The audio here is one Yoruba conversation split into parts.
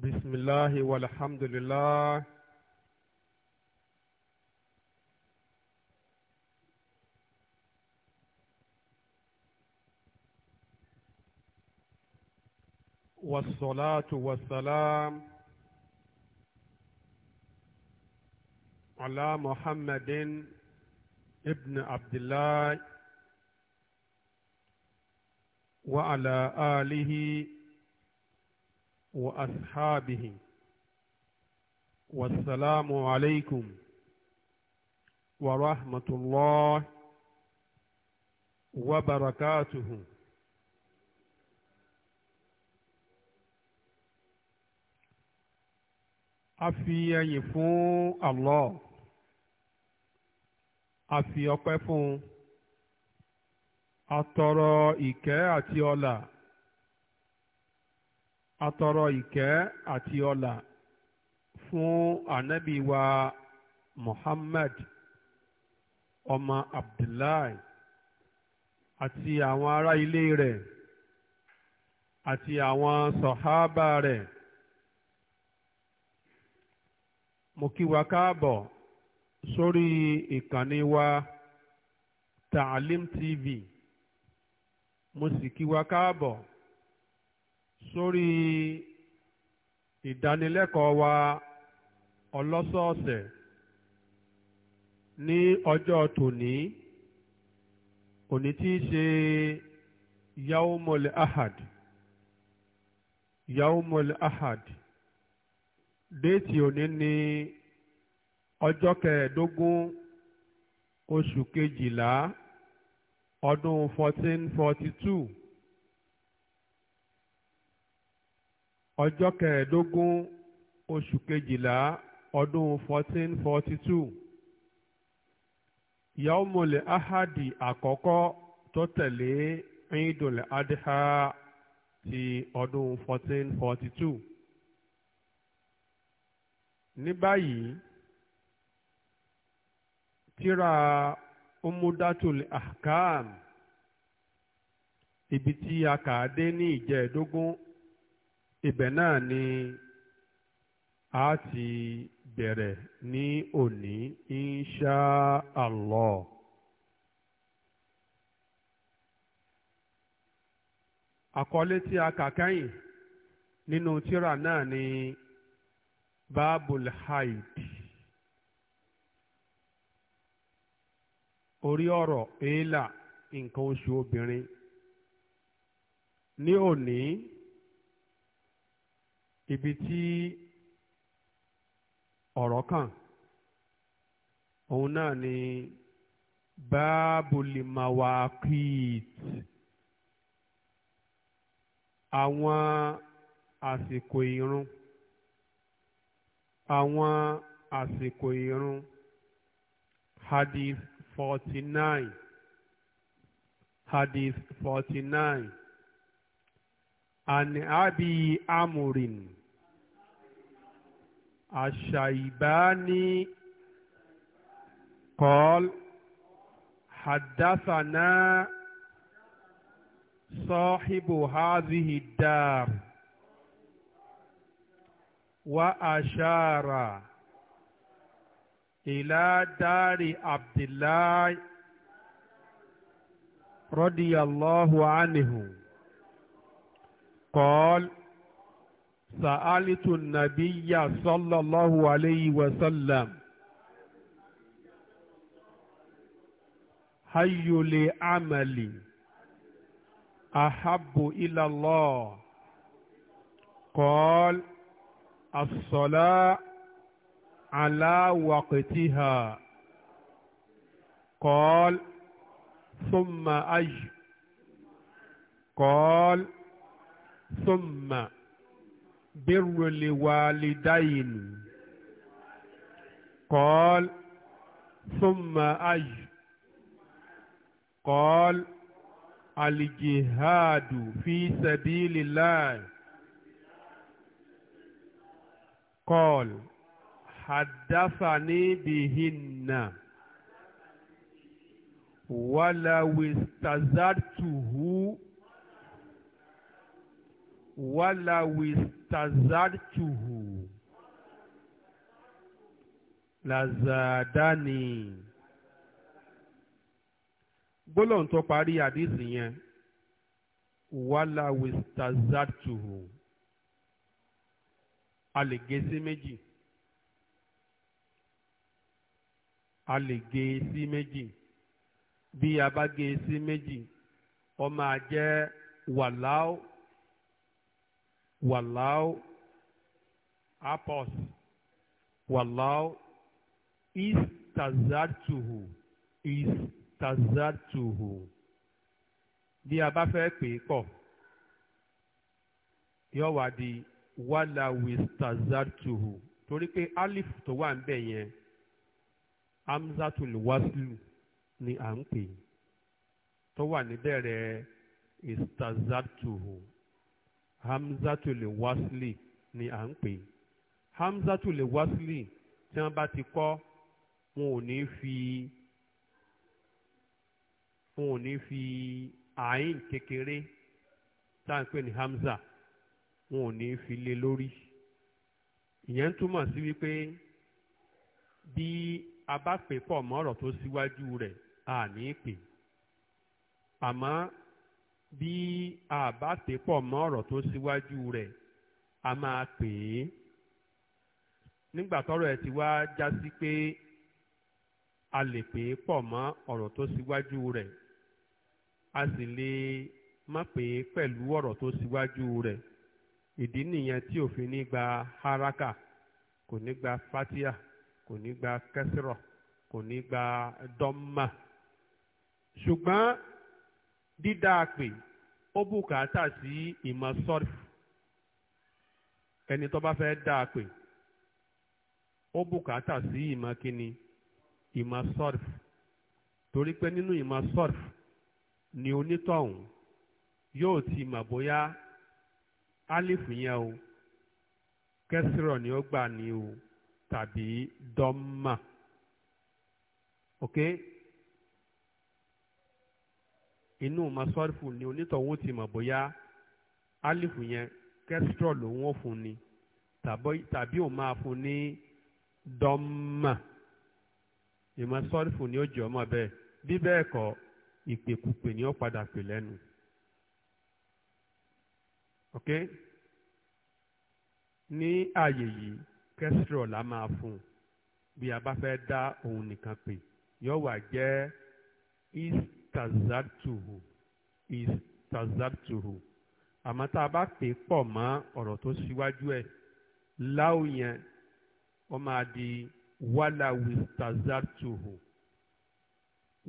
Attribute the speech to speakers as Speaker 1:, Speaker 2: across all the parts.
Speaker 1: بسم الله والحمد لله والصلاة والسلام على محمد ابن عبد الله وعلى آله وأصحابه والسلام عليكم ورحمة الله وبركاته afi A fún Allah afi ọpẹ́ fún atọrọ ìkẹ́ àti ọlà atọrọ ìkẹ́ àti ọlà fún ànábì wa Muhammad ọmọ Abdullahi àti àwọn ará ilé rẹ̀ àti àwọn sọ̀hábà rẹ̀ mo kí wa káàbọ̀ sórí ìkànnì wa Taalim TV mo sì kí wa káàbọ̀ sórí ìdánilẹ́kọ̀ọ́ wa ọlọ́sọ̀ọ̀sẹ̀ ní ọjọ́ tòní òní tí í ṣe yaumul ahad yaumul ahad déètì òní ní ọjọ́ kẹẹ̀ẹ́dógún oṣù kejìlá ọdún fourteen forty two. ọjọ́ kẹẹ̀ẹ́dógún oṣù kejìlá ọdún fourteen forty two yaumul ahadi àkọ́kọ́ tó tẹ̀lé Eidul Adha ti ọdún 1442 forty two ní báyìí tíra umudatul ahkam ibi tí a kà á dé ní ìjẹ́ẹ̀dógún ibẹ̀ náà ni a ti bẹ̀rẹ̀ ní òní insha Allah. àkọlé tí a kà kẹ́yìn nínú tírà náà ni babul haid orí ọ̀rọ̀ èélà nǹkan oṣù obìnrin ní òní. ibi tí ọ̀rọ̀ kàn òun náà ni báàbùlì mawakit àwọn àsìkò ìrun àwọn àsìkò ìrun hadith forty nine hadith forty nine an abi amurin. الشيباني قال حدثنا صاحب هذه الدار وأشار إلى دار عبد الله رضي الله عنه قال سألت النبي صلى الله عليه وسلم هي لعملي أحب إلى الله قال الصلاة على وقتها قال ثم أج قال ثم بر الوالدين قال ثم أي قال الجهاد في سبيل الله قال حدثني بهن ولو استزرته wàlàwìstàzàtùhù làzàdánì gbólóhùn tó parí àdìsí yẹn Wala a lè gé sí méjì a lè gé méjì bí a bá gé sí méjì ó máa jẹ́ wàláwò. Wallahu apos. walau istazartuhu. Istazartuhu. Bí a bá fẹ́ pè é pọ̀, wá di walawi istazartuhu. Torí pé alif tó wà ń bẹ̀ yẹn, Waslu ni à ń pè é. Tó wà níbẹ̀rẹ̀ istazartuhu. hamzatul wasli ni à ń pè hamzatul wasli tí wọ́n bá ti kọ́ wọn ò ní fi wọn ò ní fi àyìn kékeré tá à ń pè ní hamza wọn ò ní fi lé lórí ìyẹn túmọ̀ sí wípé bí a bá pè pọ̀ mọ́ tó síwájú rẹ̀ a ní pè àmọ́ bí a bá tè pọ̀ mọ́ ọ̀rọ̀ tó síwájú rẹ̀ a máa pè é nígbà tọ́rọ̀ ẹ̀ ti wá já sí pé a lè pè é pọ̀ mọ́ ọ̀rọ̀ tó síwájú rẹ̀ a sì lè má pè é pẹ̀lú ọ̀rọ̀ tó síwájú rẹ̀ ìdí nìyẹn tí òfin ní gba haraka kò ní gba fatia kò ní gba kẹsìrọ kò ní gba dọ́mà ṣùgbọ́n dídá pè ó bùkátà sí ìmọ̀ sọ́rìf ẹni tó bá fẹ́ dá pè ó bùkátà sí ìmọ̀ kíni ìmọ̀ sọ́rìf torí pé nínú ìmọ̀ sọ́rìf ni onítọ̀hún yóò ti mọ̀ bóyá álífù yẹn o kẹsìrọ̀ ni ó gbà ní o tàbí dọ́mà ok inú masọ́rífù ni onítọ̀hún ti mọ̀ bóyá alifu yẹn kẹ́sítọ̀ lòun ò fún ni tàbí òun máa fún ní dọ́mà ìmọ̀ sọ́rífù ni ó jẹ́ ọmọ bẹ́ẹ̀ bí bẹ́ẹ̀ kọ́ ìpèkúpè ni ó padà pè lẹ́nu. ok ní ààyè yìí kẹ́sítọ̀ la máa fún bí a bá fẹ́ dá òun nìkan pè yóò wá jẹ́ is istazartuhu istazartuhu àmọ́ tá a bá pè é pọ̀ mọ́ ọ̀rọ̀ tó síwájú ẹ̀ láwù yẹn ó máa di wàláwù istazartuhu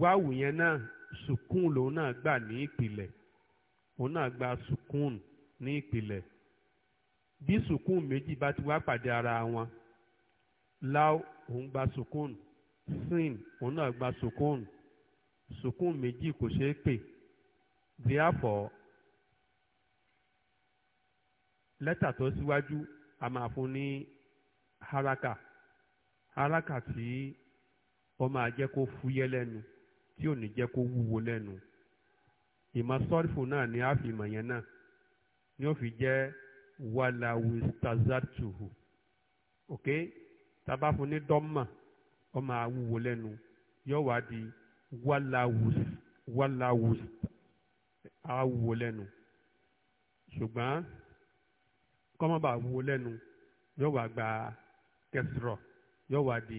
Speaker 1: wáwù yẹn náà sukùn lòun náà gbà ní ìpìlẹ̀ òun náà gba sukùn ní ìpìlẹ̀ bí sukùn méjì bá ti wá pàdé ara wọn láwù òun gba sukùn sin òun náà gba sukùn sukun méjì kò ṣeé pè therefore lẹ́tà tó síwájú a máa fún ní haraka haraka tí ó máa jẹ́ kó fúyẹ́ lẹ́nu tí ò ní jẹ́ kó wúwo lẹ́nu ìmọ̀ sọ́rífù náà ni a fi mọ̀ yẹn náà ni ó fi jẹ́ wàlàwìstazàtùhù ok tá a bá fún ní dọ́mà ó máa wúwo lẹ́nu yóò wá di wàláwùs wàláwùs àwò lẹ́nu ṣùgbọ́n kọ́mọ́bà wo lẹ́nu yóò wá gba kẹsìrọ̀ yóò wá di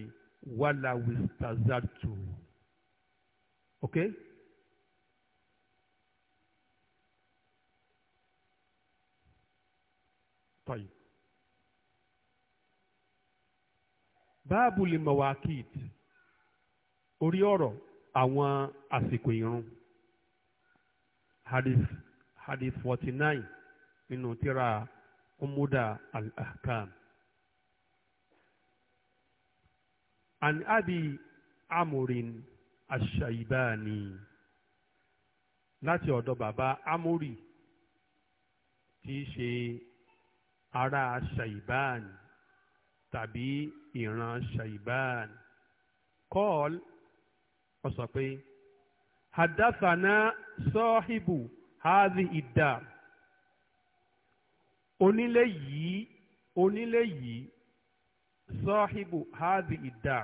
Speaker 1: wàláwùs tazàtù ok. báàbù lè mọ̀wákìtì orí ọ̀rọ̀ àwọn àsìkò ìrun hadith hadith forty nine nínú tírà umuda al-ahkam. عن أبي عمرو الشيباني láti ọ̀dọ̀ bàbá amórì tí í ṣe ará ṣàìbáàn tàbí ìran ṣàìbáàn kọ́ọ̀lù ọ sọ pé hadathana sọ́hìbù hazi onílé yìí onílé yìí hazi ìdá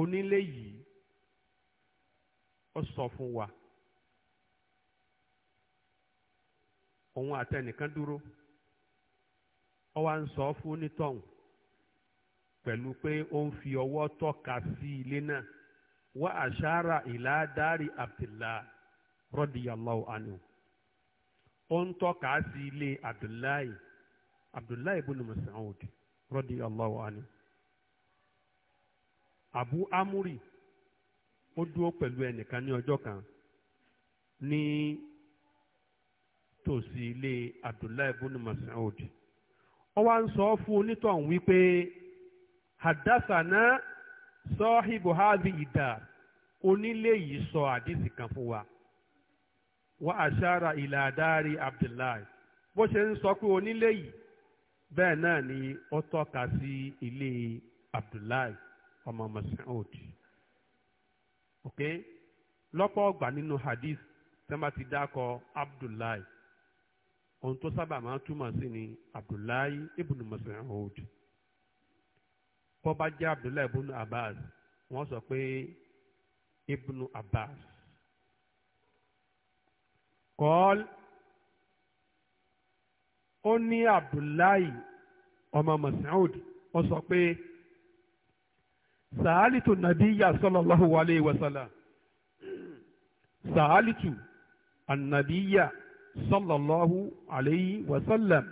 Speaker 1: onílé yìí sọ fún wa òun àtẹnìkan dúró ó ń sọ fún onítọ̀hún pẹ̀lú pé ó ń fi ọwọ́ tọ́ka sí ilé náà. wa àṣàrà ìlà dárì abdullah radiyallahu anhu ó ń tọ́ka sí ilé abdullahi abdullahi ibn Mas'ud radiyallahu anhu abu amuri ó dúró pẹ̀lú ẹnìkan ní kan ní tòsí ilé abdullahi ibn Mas'ud ó wá ń sọ fún onítọ̀hún wípé hadassana. sọ háàbì ìdá onílé yìí sọ àdìsí kan fún wa wà àṣàrà ìlà abdullahi bó ṣe ń sọ pé onílé yìí bẹ́ẹ̀ náà ni ó tọ́ka sí ilé abdullahi ọmọ Mas'ud ok lọ́pọ̀ ọgbà nínú hadith tẹ́lẹ̀ ti dákọ̀ abdullahi ohun tó sábà máa túmọ̀ sí ni abdullahi ibn Mas'ud. bọ́ba jẹ́ abdullahi ibnu abbas wọ́n sọ pé ibnu abbas kọ́l ó ní abdullahi ọmọ masoud ó sọ pé sàálìtù nàbíyà sallallahu alayhi wa sallam sàálìtù ànàbíyà sallallahu alayhi wa sallam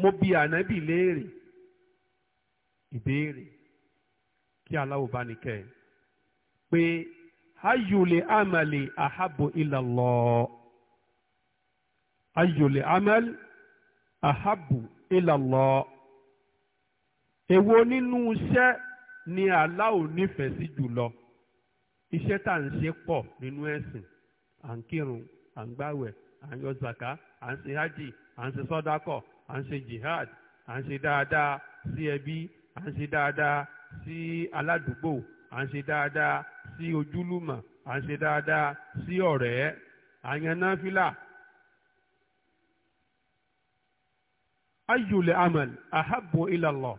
Speaker 1: mo bi ànábì léèrè. ìbéèrè kí aláwo bá ní kẹ́ pé ayòlè amàlè àhábò ìlàlọ́ ayòlè amàlè àhábò ìlàlọ́ èwo nínú iṣẹ́ ni aláwo nífẹ̀ẹ́ sí jùlọ iṣẹ́ tá à ń ṣe pọ̀ nínú ẹ̀sìn à ń kírun à ń gbàwẹ̀ à ṣe hajj à ń ṣe sọ́dákọ̀ jihad à ń ṣe dáadáa à ń ṣe dáadáa sí aládùúgbò à ń ṣe dáadáa sí ojúlùmọ̀ à ń ṣe dáadáa sí ọ̀rẹ́ àyànnáfílà. ayùlẹ̀ amal ahabbu ilallah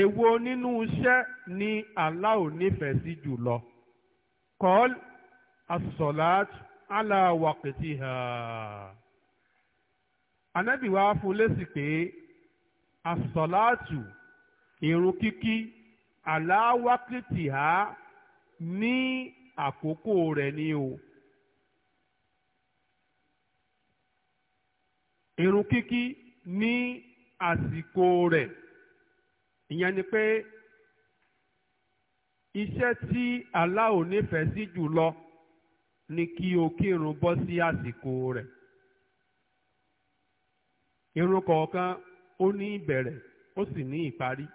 Speaker 1: èwo nínú iṣẹ́ ni Allah ò nífẹ̀ẹ́ sí jùlọ kọ́l asọ̀láàt ala waqtiha anábìwá fún lésì pé asọ̀láàtù ìrun kíkí aláwákìtì á ní àkókò rẹ̀ ni o. ìrun kíkí ní àsìkò rẹ̀ ìyẹn ni pé iṣẹ́ tí Allah ò sí jùlọ ni kí o kírun bọ́ sí àsìkò rẹ̀ irun kọ̀ọ̀kan ó ní ìbẹ̀rẹ̀ ó sì ní ìparí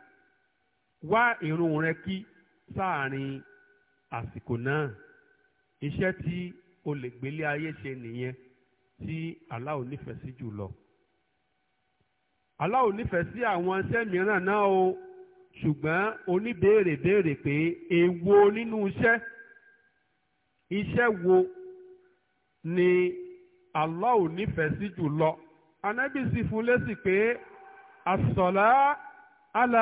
Speaker 1: wá ìrun rẹ kí sáàrin àsìkò náà iṣẹ́ tí o lè gbélé ayé ṣe nìyẹn tí Allah nífẹ̀ẹ́ sí jùlọ. Allah nífẹ̀ẹ́ sí àwọn iṣẹ́ mìíràn náà o ṣùgbọ́n oníbèrè béèrè pé èwo nínú iṣẹ́ iṣẹ́ wo ni Allah nífẹ̀ẹ́ sí jùlọ. Ànábì fún lésì pé àsọ̀lá ala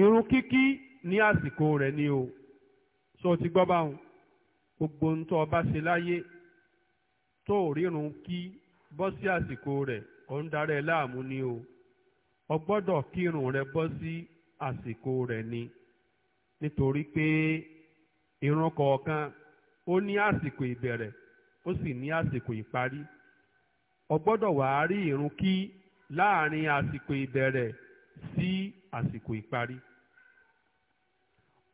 Speaker 1: irun kíkí ní àsìkò rẹ̀ ni o so ti gbọ́ báwọn gbogbo ń tọ́ ọba ṣe láyé tó rírun kí bọ́ sí àsìkò rẹ̀ ọ̀ ń darẹ̀ láàmú ni o o gbọ́dọ̀ kírun rẹ̀ bọ́ sí àsìkò rẹ̀ ni nítorí pé ìran kọ̀ọ̀kan ó ní àsìkò ìbẹ̀rẹ̀ ó sì ní àsìkò ìparí o gbọ́dọ̀ wàá rí ìrun kí láàrin àsìkò ìbẹ̀rẹ̀ sí àsìkò ìparí.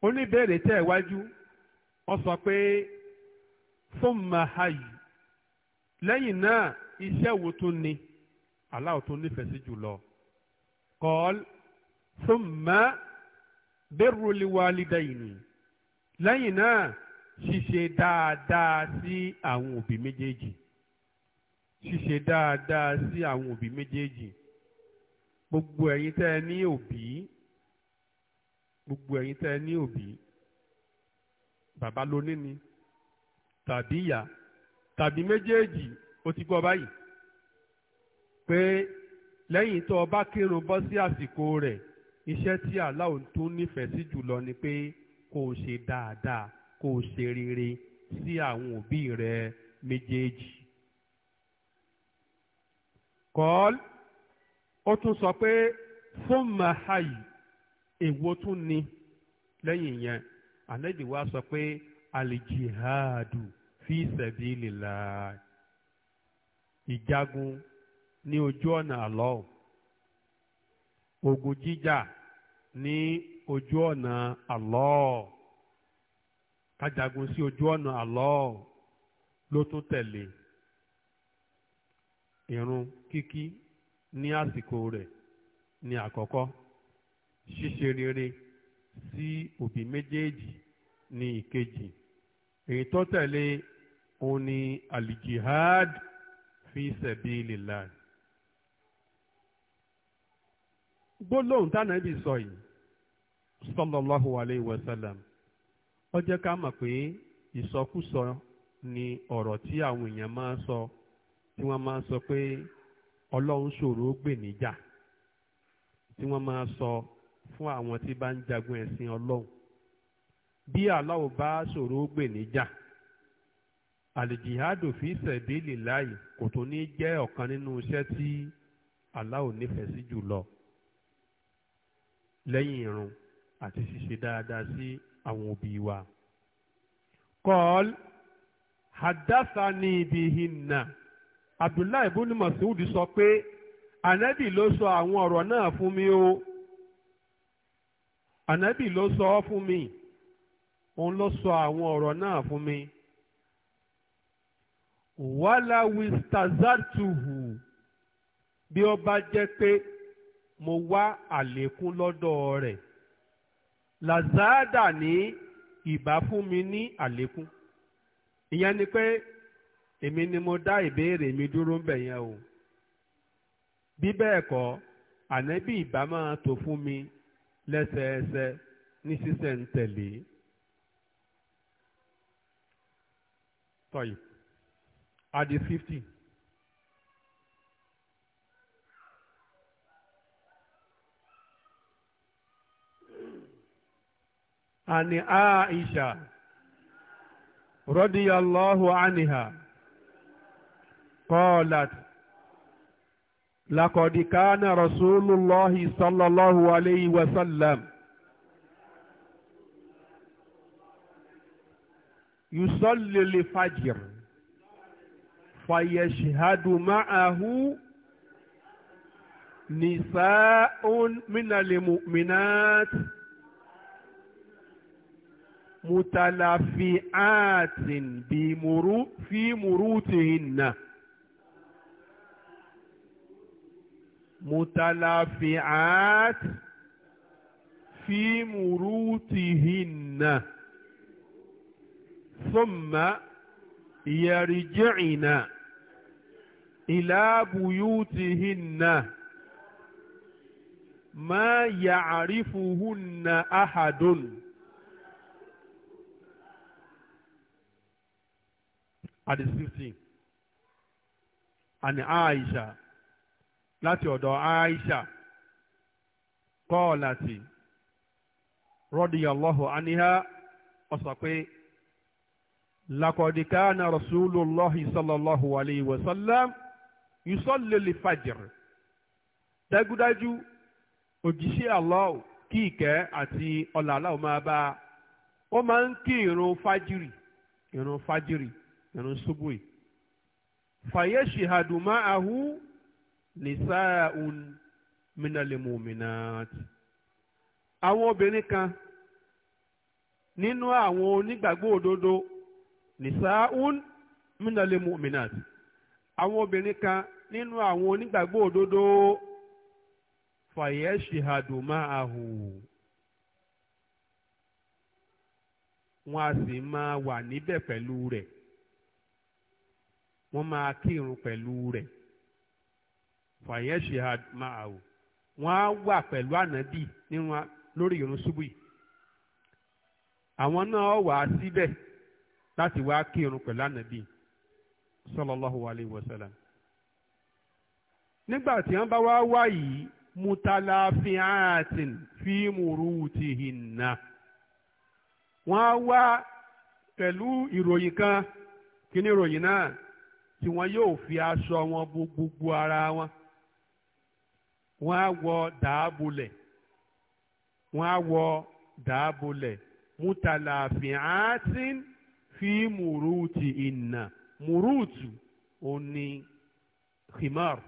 Speaker 1: oníbèrè tẹ̀ wájú wọ́n sọ pé fún mahayu lẹ́yìn náà iṣẹ́ wo tún ni Allah tún nífẹ̀ẹ́ sí jùlọ. kọ́ọ́l fún ma bẹ́rù liwalidayni lẹ́yìn náà ṣíṣe dáadáa sí àwọn òbí méjèèjì ṣíṣe dáadáa sí àwọn òbí méjèèjì gbogbo ẹ̀yin tẹ́ ẹ ní òbí gbogbo ẹ̀yin tẹ́ ẹ ní òbí bàbá lóní ni tàbí ìyá tàbí méjèèjì ó ti gbọ́ báyìí pé lẹ́yìn tó o bá kírun bọ́ sí àsìkò rẹ̀ iṣẹ́ tí aláwo tó nífẹ̀ẹ́ sí jùlọ ni pé kó o ṣe dáadáa kó o ṣe rere sí àwọn òbí rẹ méjèèjì. ó tún sọ pé fún mahayi èwo tún ni lẹ́yìn yẹn ànábì wa sọ pé alijihadu fi sabilillah ìjagun ní ojú ọ̀nà àlọ́ ogun jíjà ní ojú ọ̀nà àlọ́ kájagun sí ojú ọ̀nà àlọ́ ló tún tẹ̀lé irun kíkí ní àsìkò rẹ̀ ni àkọ́kọ́ ṣíṣe rere sí òbí méjèèjì ní ìkejì èyí tó tẹ̀lé òun ni alijihad fi sabilillah gbólóhùn tánà ibi sọ yìí sallallahu alayhi wa sallam ó jẹ́ ká mọ̀ ni ọ̀rọ̀ tí àwọn èèyàn máa ń sọ tí wọ́n máa sọ pé. ọlọ́run ṣòro ó gbè níjà tí wọ́n máa sọ fún àwọn tí bá ń jagun ẹ̀sìn ọlọ́run bí aláwo bá ṣòro ó gbè níjà àlìjìhádò fi sẹ̀bílì láàyè kò tó ní jẹ́ ọ̀kan nínú iṣẹ́ tí aláwo nífẹ̀ẹ́ sí jù lẹ́yìn irun àti ṣíṣe dáadáa sí àwọn òbí wa. kọ́ọ̀l hadassani bihinna abdullahi ibn masud sọ pé anabi ló sọ àwọn ọ̀rọ̀ náà fún mi o anabi ló sọ ọ́ fún mi òun ló sọ àwọn ọ̀rọ̀ náà fún mi wàhálà wistazartuhu bí ó bá jẹ́ pé mo wá àlékún lọ́dọ̀ rẹ̀ lazada ní ìbá fún mi ní àlékún ìyẹn ni pé èmi ni mo dá ìbéèrè mi dúró ń bẹ̀ yẹn o bí bẹ́ẹ̀ kọ́ ànábì ìbá máa tò fún mi lẹ́sẹẹsẹ ní sísẹ̀ǹtẹ̀lé. tọ́yì adi fifty. عن عائشة رضي الله عنها قالت لقد كان رسول الله صلى الله عليه وسلم يصلي الفجر فيشهد معه نساء من المؤمنات متلفئات بمرو في مروتهن متلافعات في مروتهن ثم يرجعن إلى بيوتهن ما يعرفهن أحد حديث عن عائشة láti ọ̀dọ̀ Aisha kọ́ọ̀láti radiyallahu anha ó sọ pé na kana rasulullahi sallallahu alayhi wa sallam yusalli li fajr dájúdájú òjíṣẹ́ Allah kí ìkẹ́ àti ọlà aláwọ̀ máa bá a ó máa ń kí ìrun fájìrì ìrun fájìrì ìrun ṣubúì fàyè ṣìhàdùmáàhù nisaun minal mu'minat àwọn obìnrin kan nínú àwọn onígbàgbọ́ òdodo nisaun minal mu'minat àwọn obìnrin kan nínú àwọn onígbàgbọ́ òdodo a sì máa wà níbẹ̀ pẹ̀lú rẹ̀ wọ́n máa kírun pẹ̀lú rẹ̀. fàyẹ́ ṣìhad máa wò wọ́n á wà pẹ̀lú ànábì níwọ̀n lórí irun ṣubú yìí àwọn náà wà á síbẹ̀ láti wá kí irun pẹ̀lú ànábì sallallahu alayhi wa sallam nígbà tí wọ́n bá wá wá yìí mutalafiatin fi murutihinna wọ́n á wá pẹ̀lú ìròyìn kan kí ni ìròyìn náà tí wọ́n yóò fi aṣọ wọn bo gbogbo ara wọn wọ́n á wọ dàábulẹ̀ wọ́n á wọ dàábulẹ̀ mutalaafi'atin fi muruti inna murutu òní khimar